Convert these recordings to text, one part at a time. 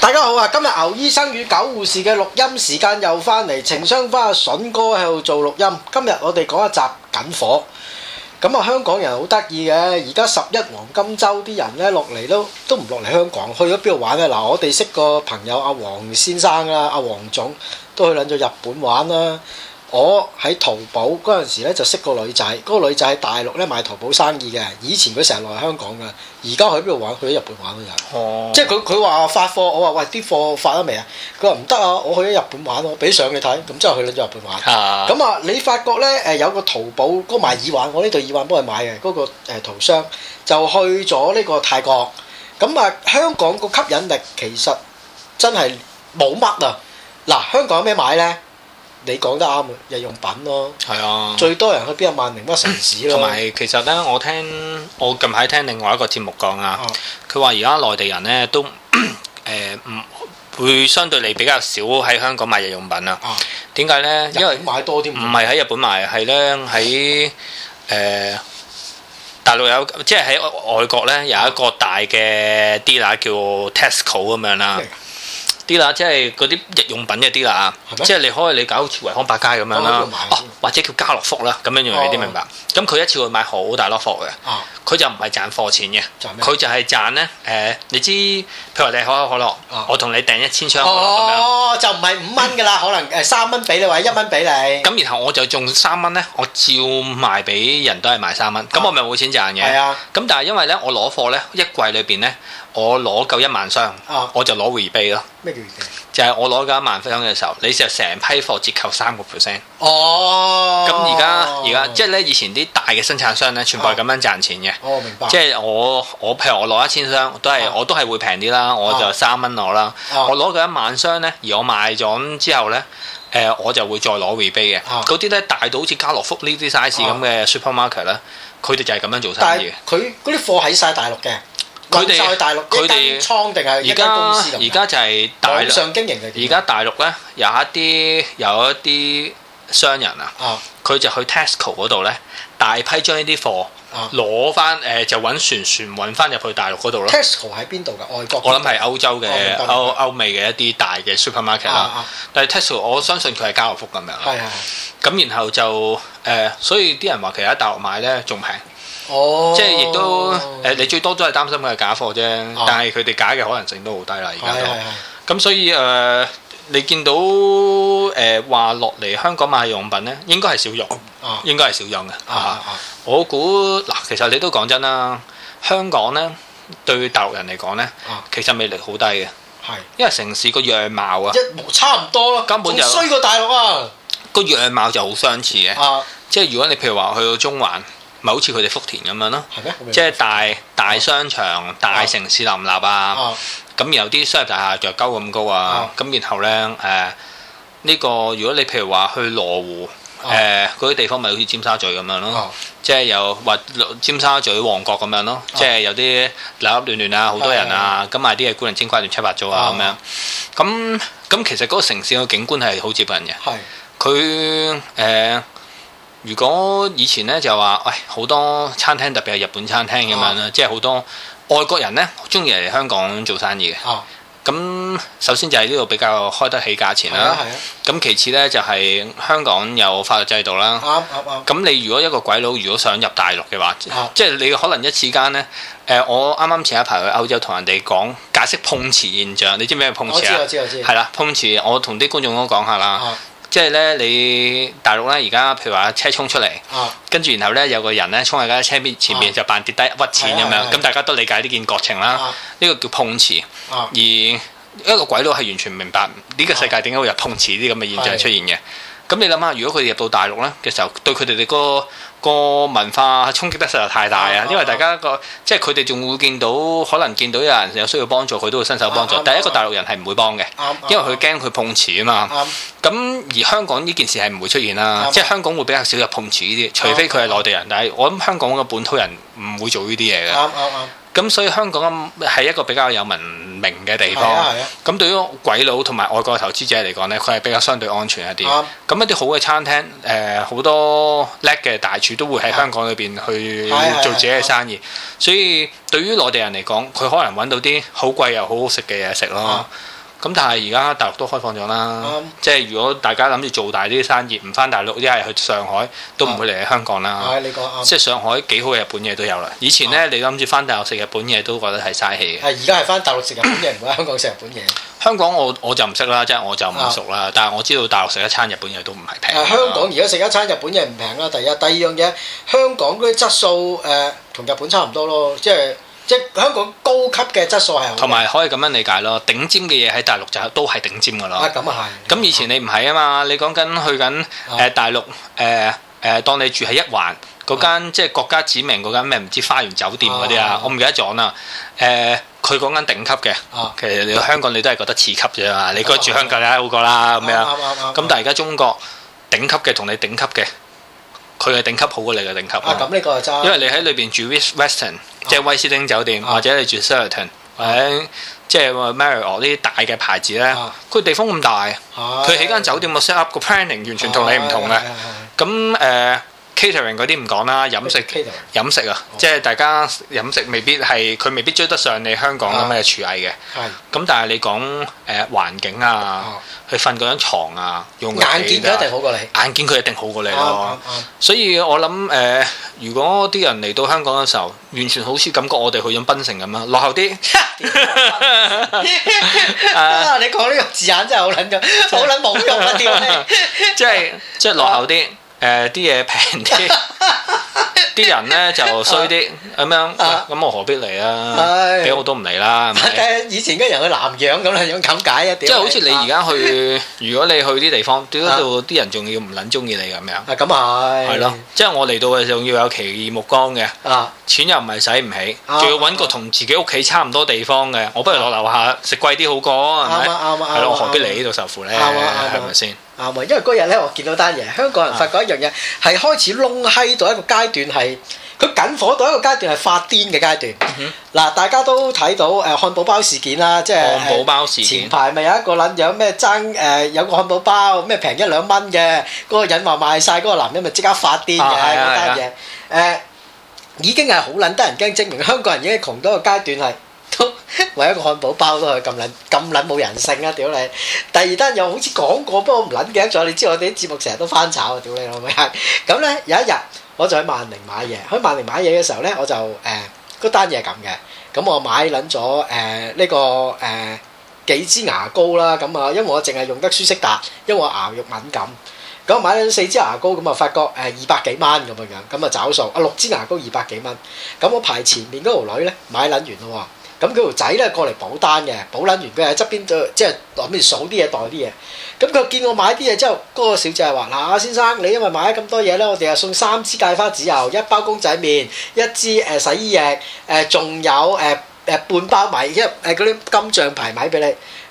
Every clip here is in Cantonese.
大家好啊！今日牛醫生與狗護士嘅錄音時間又翻嚟，情商花筍哥喺度做錄音。今日我哋講一集緊火。咁啊，香港人好得意嘅，而家十一黃金周啲人咧落嚟都都唔落嚟香港，去咗邊度玩咧？嗱，我哋識個朋友阿黃先生啊，阿黃總都去兩咗日本玩啦。我喺淘寶嗰陣時咧就識個女仔，嗰個女仔喺大陸咧賣淘寶生意嘅，以前佢成日落嚟香港噶，而家去邊度玩？去咗日本玩啊！哦，即係佢佢話發貨，我話喂啲貨發咗未啊？佢話唔得啊，我去咗日本玩咯，俾相佢睇，咁之後去咗日本玩。咁啊，啊，你發覺咧誒有個淘寶嗰賣耳環，我呢對耳環幫佢買嘅，嗰個誒淘商就去咗呢個泰國。咁啊，香港個吸引力其實真係冇乜啊！嗱，香港有咩買咧？你講得啱，日用品咯，係啊，最多人去邊啊？萬寧、屈臣氏咯。同埋其實咧，我聽我近排聽另外一個節目講啊，佢話而家內地人咧都誒唔、呃、會相對嚟比較少喺香港買日用品啊。點解咧？因為買多啲唔係喺日本買，係咧喺誒大陸有即係喺外國咧有一個大嘅 d i 叫 Tesco 咁樣啦。嗯啲啦，即係嗰啲日用品嘅啲啦，即係你可以你搞好似維康百佳咁樣啦，或者叫家樂福啦，咁樣樣你啲明白？咁佢一次會買好大粒貨嘅，佢就唔係賺貨錢嘅，佢就係賺呢。誒，你知，譬如你可口可樂，我同你訂一千箱可就唔係五蚊噶啦，可能誒三蚊俾你或者一蚊俾你，咁然後我就用三蚊呢，我照賣俾人都係賣三蚊，咁我咪冇錢賺嘅，咁但係因為呢，我攞貨呢，一櫃裏邊呢。我攞夠一萬箱，我就攞回饋咯。咩叫回饋？就係我攞夠一萬箱嘅時候，你就成批貨折扣三個 percent。哦，咁而家而家即係咧，以前啲大嘅生產商咧，全部係咁樣賺錢嘅。哦，明白。即係我我譬如我攞一千箱，都係我都係會平啲啦，我就三蚊攞啦。我攞夠一萬箱咧，而我賣咗之後咧，誒我就會再攞回饋嘅。嗰啲咧大到好似家樂福呢啲 size 咁嘅 supermarket 咧，佢哋就係咁樣做生意嘅。佢嗰啲貨喺晒大陸嘅。佢哋喺大陸，佢哋倉定係而家公司。而家就係大陸上經營嘅。而家大陸咧有一啲有一啲商人啊，佢就去 Tesco 嗰度咧大批將呢啲貨攞翻誒，就搵船船運翻入去大陸嗰度咯。Tesco 喺邊度㗎？外國？我諗係歐洲嘅歐歐美嘅一啲大嘅 supermarket 啦、啊。啊、但係 Tesco 我相信佢係家樂福咁樣啦。啊。咁然後就誒、呃，所以啲人話其實喺大陸買咧仲平。哦，即係亦都誒，你最多都係擔心嘅係假貨啫，但係佢哋假嘅可能性都好低啦，而家都咁所以誒，你見到誒話落嚟香港買用品咧，應該係少用，應該係少用嘅。我估嗱，其實你都講真啦，香港咧對大陸人嚟講咧，其實魅力好低嘅，係因為城市個樣貌啊，差唔多咯，根本就衰過大陸啊，個樣貌就好相似嘅，即係如果你譬如話去到中環。咪好似佢哋福田咁樣咯，即係大大商場、大城市林立啊，咁然後啲商業大廈著交咁高啊，咁然後呢，誒呢個如果你譬如話去羅湖誒啲地方咪好似尖沙咀咁樣咯，即係有或尖沙咀旺角咁樣咯，即係有啲立立亂亂啊，好多人啊，咁買啲嘢古靈精怪亂七八糟啊咁樣，咁咁其實嗰個城市嘅景觀係好接近嘅，佢誒。如果以前咧就話，喂、哎，好多餐廳特別係日本餐廳咁樣啦，即係好多外國人咧中意嚟香港做生意嘅。咁、啊、首先就喺呢度比較開得起價錢啦。係咁其次咧就係、係、香港有法律制度啦。啱咁你如果一個鬼佬如果想入大陸嘅話，哦，即係你可能一次間咧，誒，我啱啱前一排去歐洲同人哋講解釋碰瓷現象，你知唔知咩叫碰瓷？我知我知，係啦，碰瓷，我同啲觀眾都講下啦。啊啊即係咧，你大陸咧而家，譬如話車衝出嚟，跟住、啊、然後咧有個人咧衝喺架車邊前面，啊、就扮跌低屈錢咁樣，咁大家都理解呢件國情啦。呢、啊、個叫碰瓷，啊、而一個鬼佬係完全唔明白呢、呢個世界點解會有碰瓷啲咁嘅現象出現嘅。啊是是咁你諗下，如果佢哋入到大陸呢嘅時候，對佢哋哋個個文化衝擊得實在太大啊！嗯嗯、因為大家個即係佢哋仲會見到，可能見到有人有需要幫助，佢都會伸手幫助。第、嗯嗯、一個大陸人係唔會幫嘅，嗯嗯、因為佢驚佢碰瓷啊嘛。咁、嗯、而香港呢件事係唔會出現啦，嗯、即係香港會比較少有碰瓷呢啲，除非佢係內地人。但係我諗香港嘅本土人唔會做呢啲嘢嘅。嗯嗯嗯嗯咁所以香港係一個比較有文明嘅地方。咁、啊、對於鬼佬同埋外國投資者嚟講呢，佢係比較相對安全一啲。咁、啊、一啲好嘅餐廳，誒、呃、好多叻嘅大廚都會喺香港裏邊去做自己嘅生意。啊啊啊、所以對於內地人嚟講，佢可能揾到啲好貴又好好食嘅嘢食咯。啊咁但係而家大陸都開放咗啦，即係如果大家諗住做大啲生意，唔翻大陸，一係去上海，都唔會嚟香港啦。係你講，即係上海幾好嘅日本嘢都有啦。以前咧，嗯、你諗住翻大陸食日本嘢，都覺得係嘥氣嘅。而家係翻大陸食日本嘢，唔會香港食日本嘢。 香港我我就唔識啦，即係我就唔熟啦。嗯、但係我知道大陸食一餐日本嘢都唔係平。香港而家食一餐日本嘢唔平啦。第一，第二樣嘢，香港嗰啲質素誒同、呃、日本差唔多咯，即係。即香港高級嘅質素係好。同埋可以咁樣理解咯，頂尖嘅嘢喺大陸就都係頂尖㗎咯。咁啊咁以前你唔係啊嘛，你講緊去緊誒大陸誒誒、啊呃，當你住喺一環嗰間即係、啊、國家指名嗰間咩唔知花園酒店嗰啲啊，我唔記得咗啦。誒、呃，佢講緊頂級嘅，其實你香港你都係覺得次級啫嘛。你嗰住香港梗係好過啦，咁樣、啊啊的。啱啱咁但係而家中國頂級嘅同你頂級嘅。佢嘅頂級好過你嘅頂級，咁呢個就真。因為你喺裏邊住 Westin，即係威斯汀酒店，或者你住 Sheraton，或者即係 Marriott 呢啲大嘅牌子呢，佢地方咁大，佢起間酒店個 set up 個 planning 完全同你唔同嘅。咁誒。Catering 嗰啲唔講啦，飲食飲食啊，即係大家飲食未必係佢未必追得上你香港咁嘅廚藝嘅。係。咁但係你講誒環境啊，去瞓嗰張牀啊，用眼見佢一定好過你。眼見佢一定好過你咯。所以我諗誒，如果啲人嚟到香港嘅時候，完全好似感覺我哋去咗檳城咁啦，落後啲。你講呢個字眼真係好撚㗎，好撚冇用啊！點解？即係即係落後啲。誒啲嘢平啲，啲人咧就衰啲咁樣，咁我何必嚟啊？俾我都唔嚟啦，係咪？以前嘅人去南洋咁樣咁解啊？即係好似你而家去，如果你去啲地方，點解度啲人仲要唔撚中意你咁樣？啊咁係係咯，即係我嚟到嘅仲要有奇異目光嘅，啊錢又唔係使唔起，仲要揾個同自己屋企差唔多地方嘅，我不如落樓下食貴啲好過，係咪？啱啊啱，係咯，何必嚟呢度受苦咧？啱啊啱啊，係咪先？啱、因為嗰日咧，我見到單嘢，香港人發覺一樣嘢係開始窿閪到一個階段，係佢緊火到一個階段係發癲嘅階段。嗱、uh，huh. 大家都睇到誒、呃、漢堡包事件啦，即漢堡包事件，前排咪有一個撚樣咩爭誒有、呃、有個漢堡包咩平一兩蚊嘅，嗰、嗰個人話賣晒，嗰、嗰個男人咪即刻發癲嘅嗰單嘢。誒，已經係好撚得人驚，證明香港人已經窮到一個階段係。為一個漢堡包都係咁撚咁撚冇人性啊！屌你！第二單又好似講過，不過唔撚記得咗。你知我哋啲節目成日都翻炒啊！屌你老味！咁咧有一日，我就喺萬寧買嘢。喺萬寧買嘢嘅時候咧，我就誒嗰單嘢咁嘅。咁我買撚咗誒呢個誒幾支牙膏啦。咁啊，因為我淨係用得舒適達，因為我牙肉敏感。咁買咗四支牙膏，咁啊發覺誒二百幾蚊咁嘅樣。咁啊找數，啊六支牙膏二百幾蚊。咁我排前面嗰條女咧買撚完啦喎。咁佢條仔咧過嚟補單嘅，補撚完佢喺側邊，即係諗住數啲嘢，袋啲嘢。咁佢見我買啲嘢之後，嗰、那個小姐係話：嗱、啊，先生，你因為買咗咁多嘢咧，我哋又送三支芥花籽油，一包公仔麵，一支誒洗衣液，誒、呃、仲有誒誒、呃、半包米，一誒嗰啲金像牌米俾你。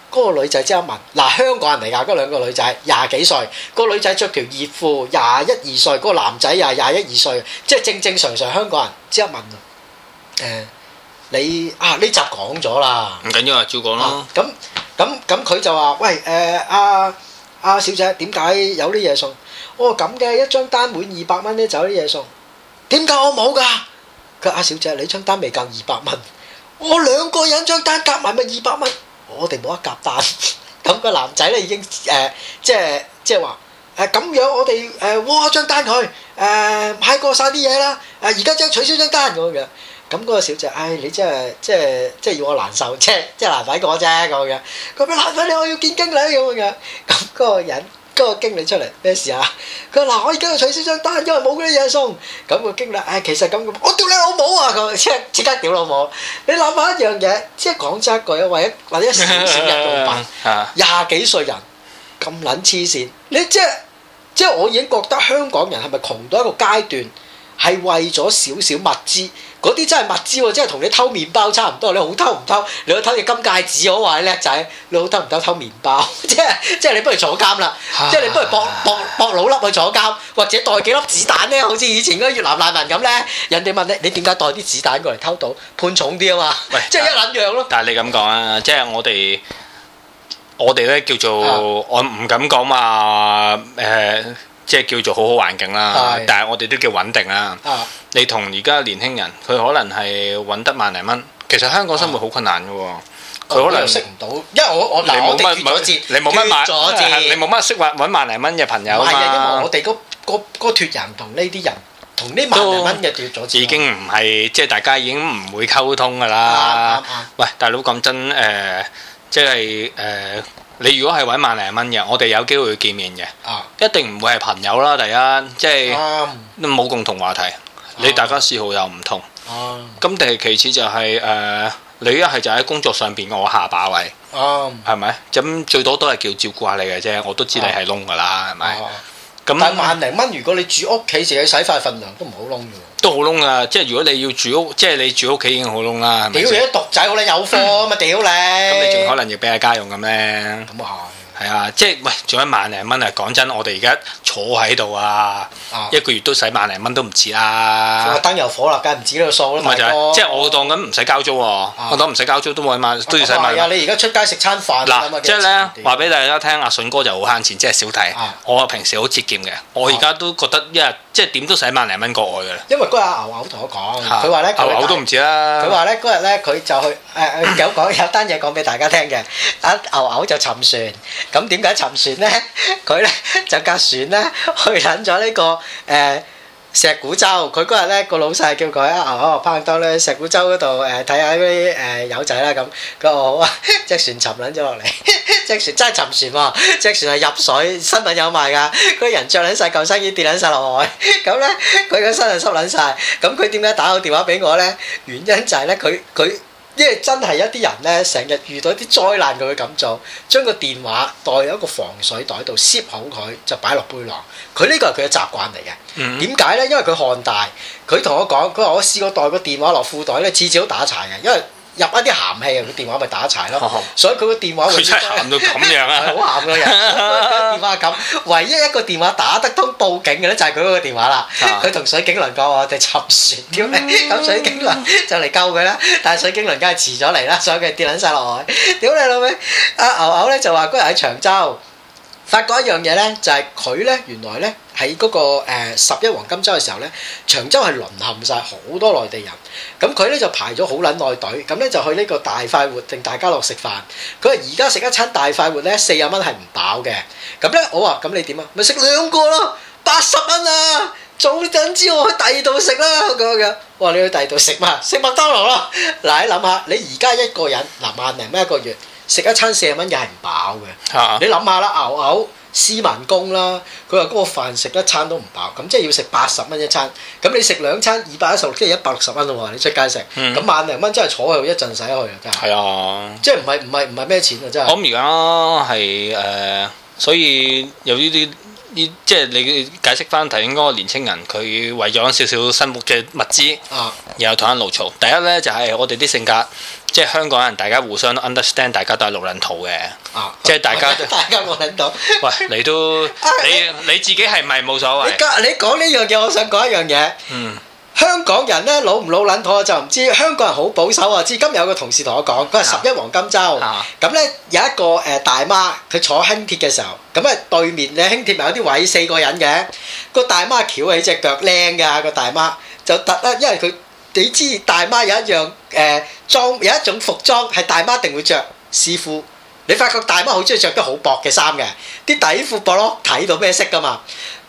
嗰、那個女仔之後問：嗱、啊，香港人嚟㗎？嗰兩個女仔廿幾歲，嗰個女仔着條熱褲，廿一二歲；嗰、那個男仔廿廿一二歲，即係正正常常，常香港人。之後問誒。你啊呢集講咗啦，唔緊要啊，照講咯。咁咁咁佢就話：喂誒阿阿小姐，點解有啲嘢送？哦咁嘅一張單滿二百蚊咧就有啲嘢送，點解我冇㗎？佢，阿小姐，你張單未夠二百蚊，我兩個人張單夾埋咪二百蚊。我哋冇得夾單。咁個男仔咧已經誒即係即係話誒咁樣，我哋誒我張單佢誒買過晒啲嘢啦，誒而家即係取消張單咁樣。咁嗰個小姐，唉、哎，你真係即係即係要我難受啫，即係難為我啫咁樣。佢唔難為你，我要見經理咁樣。咁、那、嗰個人，嗰、那個經理出嚟咩事啊？佢話嗱，我而家要取消張單，因為冇嗰啲嘢送。咁、那個經理，唉、哎，其實咁，我屌你老母啊！咁即係即刻屌老母。你諗下一樣嘢，即係講真一句，為，為小小一為一少少人人工，廿幾 歲人咁撚黐線，你即係即係我已經覺得香港人係咪窮到一個階段，係為咗少少物資？嗰啲真係物資喎，真係同你偷麵包差唔多，你好偷唔偷？你去偷隻金戒指，我話你叻仔，你好偷唔偷偷麵包？ 即係即係你不如坐監啦， 即係你不如搏搏搏老粒去坐監，或者袋幾粒子彈咧，好似以前嗰個越南難民咁咧，人哋問你，你點解袋啲子彈過嚟偷到判重啲啊嘛？即係一撚樣咯。但係你咁講啊，即係我哋我哋咧叫做、嗯、我唔敢講嘛誒。呃即係叫做好好環境啦，但係我哋都叫穩定啦。你同而家年輕人，佢可能係揾得萬零蚊。其實香港生活好困難㗎喎，佢可能識唔到。因為我我我跌咗折，你冇乜買，你冇乜識揾揾萬零蚊嘅朋友啊嘛。我哋嗰嗰嗰脱人同呢啲人，同呢萬零蚊嘅脱咗折，已經唔係即係大家已經唔會溝通噶啦。喂，大佬講真誒，即係誒。你如果係揾萬零蚊嘅，我哋有機會見面嘅，啊、一定唔會係朋友啦。第一，即係冇、啊、共同話題，啊、你大家嗜好又唔同。咁第、啊、其次就係、是、誒、呃，你一係就喺工作上邊，我下把位，係咪、啊？咁最多都係叫照顧下你嘅啫，我都知你係窿噶啦，係咪？咁但萬零蚊，如果你住屋企自己洗塊份糧都唔好窿。都好窿啊！即係如果你要住屋，即係你住屋企已經好窿啦，屌你都獨仔好靚，嗯、有貨咁啊！屌你。咁、嗯、你仲可能要俾阿家用咁咧？咁啊好。係啊，即係喂，做一萬零蚊啊！講真，我哋而家坐喺度啊，一個月都使萬零蚊都唔止啊！燈油火啦，梗係唔止呢個數咯。唔係就係，即係我當咁唔使交租喎，我當唔使交租都冇起碼都要使萬。啊，你而家出街食餐飯嗱，即係咧話俾大家聽阿順哥就好慳錢，即係小弟。我啊平時好節儉嘅，我而家都覺得一日即係點都使萬零蚊過外噶啦。因為嗰日牛牛同我講，佢話咧牛牛都唔止啦。佢話咧嗰日咧佢就去誒有講有單嘢講俾大家聽嘅，阿牛牛就沉船。咁點解沉船呢？佢呢就架船呢去撚咗呢個誒石鼓洲。佢嗰日呢個老細叫佢啊，哦，拍檔呢石鼓洲嗰度誒睇下啲誒友仔啦咁。佢話好啊，隻船沉撚咗落嚟，隻船真係沉船喎，隻船係入水，新聞有賣㗎。嗰個人著撚晒救生衣，跌撚晒落海。咁呢佢個身又濕撚晒。咁佢點解打個電話俾我呢？原因就係呢佢佢。因為真係一啲人咧，成日遇到一啲災難，佢會咁做，將個電話袋入一個防水袋度攝好佢，就擺落背囊。佢呢個係佢嘅習慣嚟嘅。點解咧？因為佢旱大，佢同我講，佢話我試過袋個電話落褲袋咧，次次都打柴嘅，因為。入一啲鹹氣，佢電話咪打齊咯。 所以佢個電話佢真鹹到咁樣啊 好鹹！好鹹嘅人，電話咁，唯一一個電話打得通報警嘅咧，就係佢嗰個電話啦。佢同 水警輪講話，我哋沉船，咁 水警輪就嚟救佢啦，但係水警輪梗係遲咗嚟啦，所以佢跌撚晒落海。屌你老味！阿牛牛咧就話嗰、那個、人喺長洲。發覺一樣嘢咧，就係佢咧，原來咧喺嗰個、呃、十一黃金周嘅時候咧，長洲係淪陷晒好多內地人，咁佢咧就排咗好撚耐隊，咁咧就去呢個大快活定大家樂食飯。佢話而家食一餐大快活咧，四十蚊係唔飽嘅，咁咧我話咁你點啊？咪食兩個咯，八十蚊啊！早等知我去第二度食啦。佢講緊，我話你去第二度食嘛，食麥當勞咯。嗱 你諗下，你而家一個人嗱萬零蚊一個月，食一餐四十蚊又係唔飽嘅，啊、你諗下啦，牛牛私民工啦，佢話嗰個飯食一餐都唔飽，咁即係要食八十蚊一餐，咁你食兩餐二百一十六，即係一百六十蚊咯喎，你出街食，咁、嗯、萬零蚊真係坐喺度一陣使去啊，真係。係啊，即係唔係唔係唔係咩錢啊真係。咁而家係誒，所以有呢啲呢，即係你解釋翻，睇嗰個年輕人佢為咗少少生活嘅物資，又、啊、後同人勞嘈。第一咧就係、是、我哋啲性格。即係香港人，大家互相都 understand，大家都係老撚土嘅。啊、即係大家都 大家老撚土。喂，你都、啊、你你自己係咪冇所謂？你講呢樣嘢，我想講一樣嘢、嗯。香港人咧老唔老撚土我就唔知。香港人好保守啊！至今日有個同事同我講，佢係十一黃金周，咁咧、啊啊、有一個誒大媽，佢坐輕鐵嘅時候，咁啊對面咧輕鐵咪有啲位四個人嘅、嗰個大媽翹起隻腳靚㗎，嗰個大媽就突啦，因為佢。你知大媽有一樣誒裝、呃、有一種服裝係大媽定會着，絲褲。你發覺大媽好中意着啲好薄嘅衫嘅，啲底褲薄咯，睇到咩色噶嘛？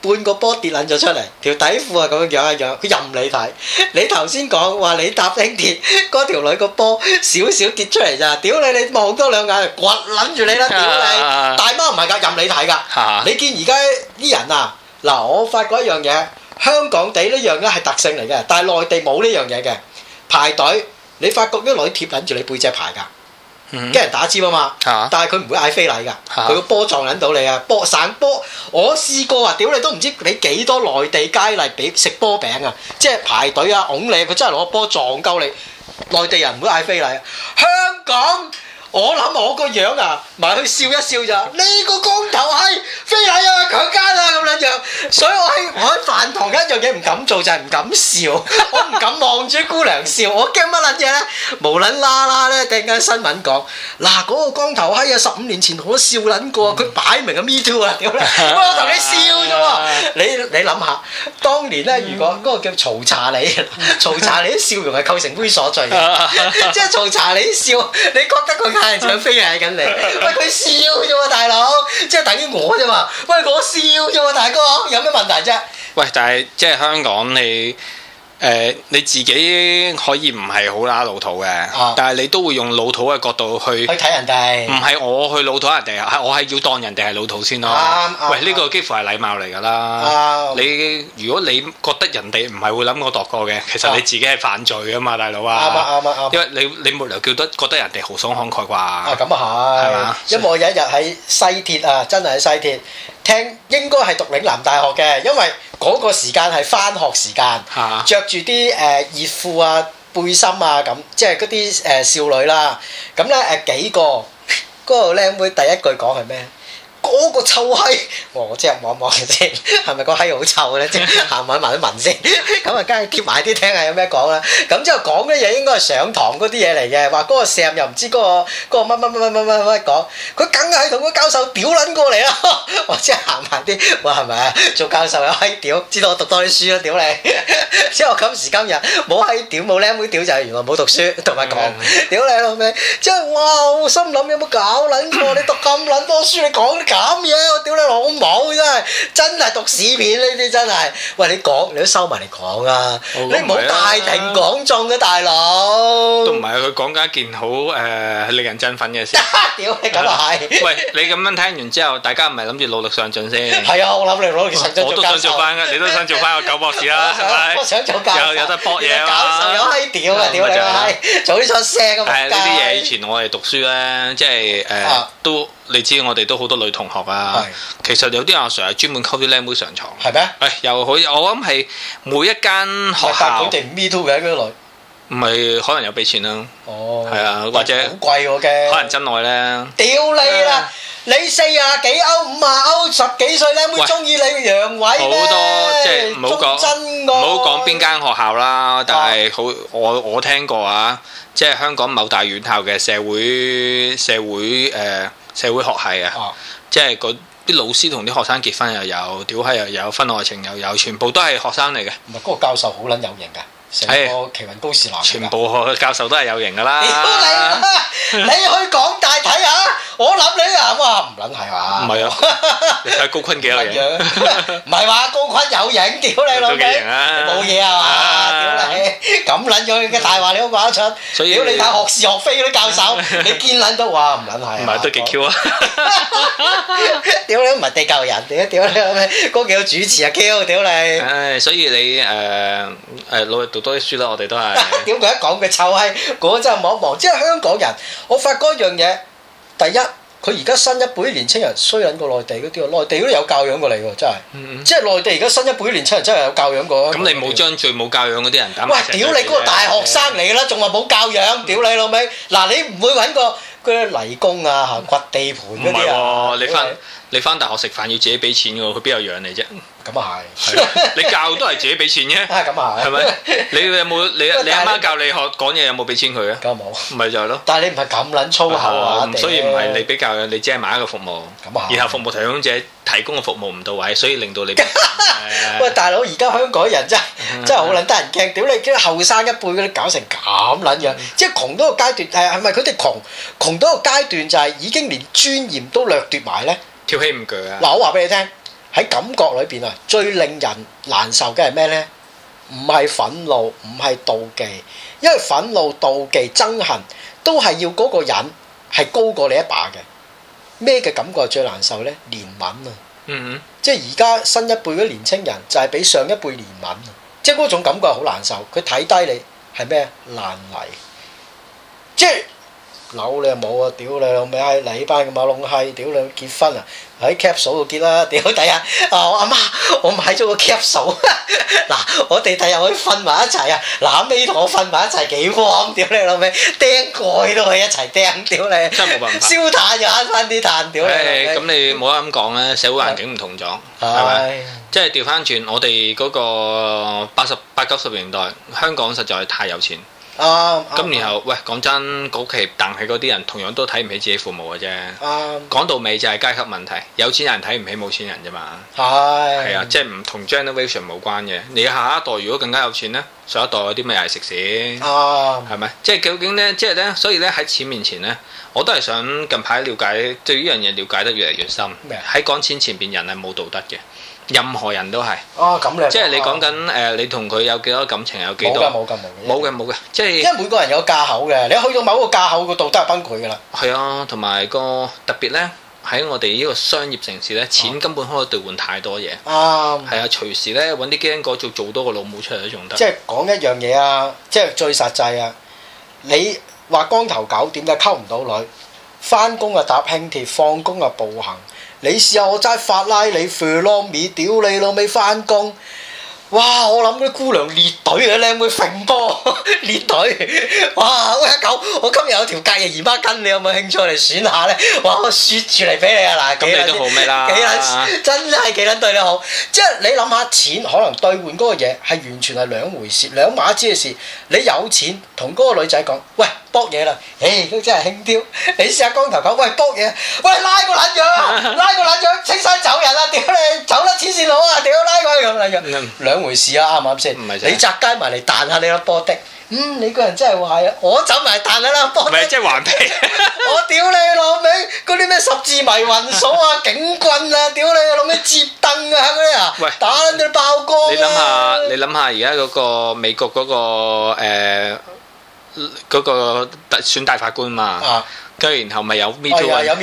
半個波跌撚咗出嚟，條底褲啊咁樣樣一樣，佢任你睇。你頭先講話你搭輕鐵嗰條女個波少少跌出嚟咋？屌你你望多兩眼，掘撚住你啦！屌你，你啊、大媽唔係㗎，任你睇㗎。啊、你見而家啲人啊，嗱，我發覺一樣嘢。香港地呢樣咧係特性嚟嘅，但係內地冇呢樣嘢嘅排隊。你發覺啲女貼緊住你背脊排㗎，驚人打尖啊嘛。但係佢唔會嗌非禮㗎，佢個波撞緊到你啊！波散波，我試過啊，屌你都唔知俾幾多內地佳麗俾食波餅啊！即係排隊啊，擁你，佢真係攞波撞鳩你。內地人唔會嗌非禮啊，香港。我諗我個樣啊，埋去笑一笑咋，呢個光頭閪，非禮啊、強姦啊咁兩樣，所以我喺我喺飯堂一樣嘢唔敢做就係唔敢笑，我唔敢望住姑娘笑，我驚乜撚嘢咧？無撚啦啦咧，突然間新聞講嗱嗰個光頭閪啊，十五年前同我笑撚過，佢擺明嘅 me too 啊，點解？我同你笑啫喎！你，你諗下，當年咧，如果嗰個叫曹查理，曹查理啲笑容係構成猥瑣罪嘅，即係曹查理笑，你覺得佢？係想 飛嚟緊你，喂佢笑咗喎，大佬，即係等於我啫嘛，喂我笑咗喎，大哥，有咩問題啫？喂，但係即係香港你。誒、呃，你自己可以唔係好啦老土嘅，哦、但係你都會用老土嘅角度去去睇人哋。唔係我去老土人哋，係我係要當人哋係老土先咯。啱啱、嗯。嗯、喂，呢、嗯、個幾乎係禮貌嚟㗎啦。嗯、你如果你覺得人哋唔係會諗我度過嘅，其實你自己係犯罪㗎嘛，大佬啊。啱啊啱啊。嗯嗯嗯、因為你你冇理由叫得覺得人哋豪爽慷慨啩。咁啊係。係嘛、啊。哎、因為我有一日喺西鐵啊，真係喺西鐵。聽應該係讀嶺南大學嘅，因為嗰個時間係翻學時間，着住啲誒熱褲啊、背心啊咁，即係嗰啲誒少女啦。咁咧誒幾個嗰個靚妹第一句講係咩？我個臭閪，我即係望望先，係咪個閪好臭咧？即係行埋埋都聞先，咁啊，梗係貼埋啲聽下有咩講啦。咁之後講嘅嘢應該係上堂嗰啲嘢嚟嘅，話嗰個石又唔知嗰個嗰個乜乜乜乜乜乜講，佢梗係同個教授屌撚過嚟啦。我即係行埋啲，話係咪啊？做教授又閪屌，知道我讀多啲書咯屌你！之後我今時今日冇閪屌冇僆妹屌就係原來冇讀書同埋講屌你老味？之後哇！我心諗有冇搞撚錯？你讀咁撚多書，你講啲咁～咁樣我屌你老母真係真係讀屎片呢啲真係，喂你講你都收埋嚟講啊，你唔好、啊、大庭廣眾嘅大佬。都唔係佢講緊一件好誒、呃、令人振奮嘅事。屌 你咁又係 喂你咁樣聽完之後，大家唔係諗住努力上進先。係 啊，我諗你努力上進。我都想做翻嘅，你都想做翻個狗博士啦，係咪？ 我想做教授？有有得搏嘢嘛？ 咁啊， 點啊？早啲出聲啊！係啊，呢啲嘢以前我哋讀書咧，即係誒，呃啊、都你知我哋都好多女同學啊。是 其實有啲阿 Sir 係專門溝啲靚妹上床，係咩嗎？誒、哎，又可以，我諗係每一間學校。佢哋 me too 嘅一啲女。唔係可能有俾錢囉哦，係、oh，啊，或者好貴我嘅，可能真愛咧。屌你啦，啊、你四啊幾歐五啊歐十幾歲，僆妹、就是、中意你陽痿咩？好多即係唔好講真愛，唔好講邊間學校啦。但係、oh。好我我聽過啊，即、就、係、是、香港某大院校嘅社會社會誒、呃、社會學系啊，即係嗰啲老師同啲學生結婚又有，屌閪又有，婚外情又有，全部都係學生嚟嘅。唔係嗰個教授好撚有，有型噶。成個奇雲高士來全部教授都係有型噶啦，屌你，你去港大睇下，我諗你啊，哇唔撚係嘛？唔係啊，你睇高坤幾有型？唔係話高坤有型，屌你老味，冇嘢啊嘛，屌你咁撚樣嘅大話，你都講得出。屌你睇學是學非嗰啲教授，你見撚都話唔撚係？唔係都幾 Q 啊？屌你都唔係地球人，屌你，哥幾好主持啊 Q，屌你！唉，所以你誒誒努力讀。讀多啲書啦，我哋都係。點佢一講佢臭閪，我真係冇望。即係、那個、香港人，我發覺一樣嘢。第一，佢而家新一輩年青人衰緊過內地嗰啲喎，內地都有教養過你喎，真係。嗯嗯。即係內地而家新一輩年青人真係有教養過。咁、嗯、你冇將最冇教養嗰啲人揀。喂，屌你嗰個大學生嚟啦，仲話冇教養？屌你老味！嗱、啊，你唔會揾個佢啲泥工啊，掘地盤嗰啲啊。你回你你翻大學食飯要自己俾錢嘅喎，佢邊有養你啫？咁啊係，你教都係自己俾錢嘅。咁啊係，係咪？你有冇你你阿媽教你學講嘢？有冇俾錢佢啊？梗係冇。唔係就係咯。但係你唔係咁撚粗口啊，所以唔係你俾教養，你只係買一個服務。咁啊然後服務提供者提供嘅服務唔到位，所以令到你。喂大佬，而家香港人真真係好撚得人驚，屌你將後生一輩嗰啲搞成咁撚樣？即係窮到個階段，係係咪佢哋窮窮到個階段就係已經連尊嚴都掠奪埋咧？跳起唔攰啊！嗱，我話俾你聽，喺感覺裏邊啊，最令人難受嘅係咩咧？唔係憤怒，唔係妒忌，因為憤怒、妒忌、憎恨都係要嗰個人係高過你一把嘅。咩嘅感覺係最難受咧？憐憫啊！嗯、mm，hmm. 即係而家新一輩嘅年青人就係比上一輩憐憫，即係嗰種感覺好難受。佢睇低你係咩？爛泥。即係。扭你又冇啊！屌你老味啊！禮拜咁馬龍閪，屌你！結婚啊！喺 cap 數度結啦！屌第日啊！我阿媽我買咗個 cap 數嗱，我哋第日可以瞓埋一齊啊！嗱，後同我瞓埋一齊幾荒屌你老味，釘蓋都可以一齊釘屌你，燒炭就慳翻啲炭屌你！咁你冇得咁講咧，社會環境唔同咗，係咪？即係調翻轉，我哋嗰個八十八九十年代，香港實在太有錢。啱咁，um, um, 然後喂，講真，嗰期掟起嗰啲人，同樣都睇唔起自己父母嘅啫。啱講，um, 到尾就係階級問題，有錢人睇唔起冇錢人啫嘛。係，um, 啊，即係唔同 generation 冇關嘅。你下一代如果更加有錢呢，上一代有啲咩嘢食先，啱係咪？即係究竟呢？即係呢？所以呢，喺錢面前呢，我都係想近排了解對呢樣嘢瞭解得越嚟越深。喺講麼錢前邊，人係冇道德嘅。任何人都係，啊就是、即係你講緊誒，啊啊、你同佢有幾多感情，有幾多？冇嘅冇嘅冇嘅，即係是。因為每個人有架口嘅，你去到某個架口嗰度都係崩潰噶啦。係啊，同埋個特別呢，喺我哋呢個商業城市呢，錢根本可以兌換太多嘢。啱。係啊，隨、啊、時呢，揾啲基堅果做做多個老母出嚟都仲得。啊、即係講一樣嘢啊！即係最實際啊！你話光頭狗點解溝唔到女？翻工啊，搭輕鐵，放工啊步行。你試下我揸法拉利 Ferrari，屌你老味翻工！哇！我諗嗰啲姑娘列隊啊，啲靚妹揈波列隊。哇！喂，阿狗，我今日有條隔夜姨媽巾，你有冇興趣嚟選下咧？哇！我雪住嚟俾你啊！嗱，咁都冇咩啦，幾撚幾撚真係幾撚對你好。即係你諗下，錢可能兌換嗰個嘢係完全係兩回事，兩碼嘅事。你有錢同嗰個女仔講，喂，博嘢啦。誒、欸，都真係輕佻。你試下光頭狗，喂，博嘢，喂，拉個撚樣、啊 啊，拉個撚樣，青山走人啦！屌你，走得黐線佬啊！屌、啊！咁樣兩回事啊，啱唔啱先？你扎街埋嚟彈下你粒波的，嗯，你個人真係壞啊！我走埋彈下粒波的，唔係即係玩皮， 我屌你老味！嗰啲咩十字迷魂鎖啊、警棍啊，屌你老咩摺凳啊嗰啲啊！喂，打你爆光、啊、你諗下，你諗下而家嗰個美國嗰、嗰個誒嗰、呃嗰個選大法官嘛？啊。跟住然後咪有 Me Too 啊，又有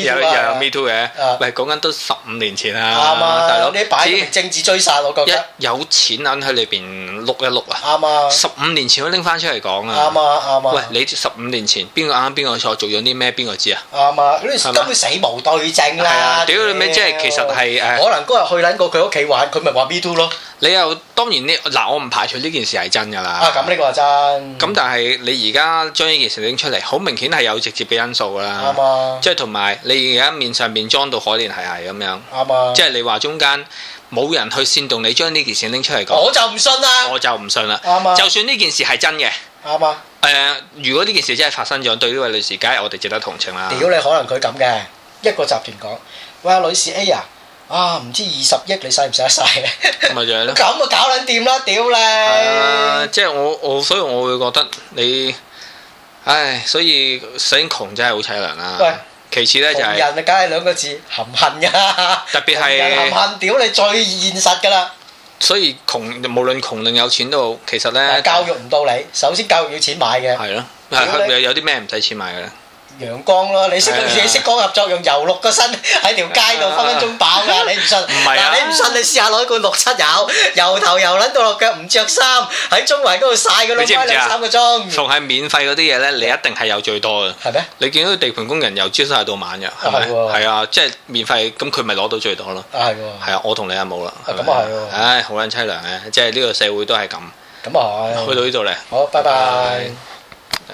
Me Too 嘅，喂講緊都十五年前啊。大佬啲擺明政治追殺我覺得，一有錢銀喺裏邊碌一碌啊，十五年前我拎翻出嚟講啊，啱啱啊，啊。喂你十五年前邊個啱邊個錯做咗啲咩邊個知啊，啱啊，根本死無對證啦，屌你咩即係其實係誒，可能嗰日去撚過佢屋企玩，佢咪話 Me Too 咯。你又當然呢？嗱，我唔排除呢件事係真噶啦。咁呢、啊、個真。咁、嗯、但係你而家將呢件事拎出嚟，好明顯係有直接嘅因素啦。啱、啊、即係同埋你而家面上面裝到可憐係係咁樣。啊、即係你話中間冇人去煽動你將呢件事拎出嚟講。我就唔信啦。我就唔信啦。啊、就算呢件事係真嘅。啱啊、呃。如果呢件事真係發生咗，對呢位女士，梗係我哋值得同情啦。屌你，可能佢咁嘅一個集團講，喂，女士 A 啊。啊，唔知二十億你使唔使得晒？咁 咪就係咯。咁啊， 搞捻掂啦，屌你！即係我我所以我會覺得你，唉，所以首先窮真係好淒涼啦。喂其次呢，人就係窮人啊，梗係兩個字，含恨噶。特別係含恨，屌你最現實噶啦。所以窮，無論窮定有錢都好，其實呢，就是、教育唔到你。首先，教育要錢買嘅。係咯的，有啲咩唔使錢買嘅？咧的？的陽光咯，你識自己識光合作用，油綠個身喺條街度分分鐘飽噶，你唔信？唔係嗱，你唔信你試下攞罐六七油，由頭由撚到落腳，唔着衫喺中環嗰度曬個窿，開兩三個鐘。仲係免費嗰啲嘢咧，你一定係有最多嘅。係咩？你見到地盤工人由朝晒到晚嘅，係咪？係啊，即係免費，咁佢咪攞到最多咯。係啊，我同你阿冇啦。咁啊係喎。唉，好撚凄涼嘅，即係呢個社會都係咁。咁啊去到呢度咧。好，拜拜。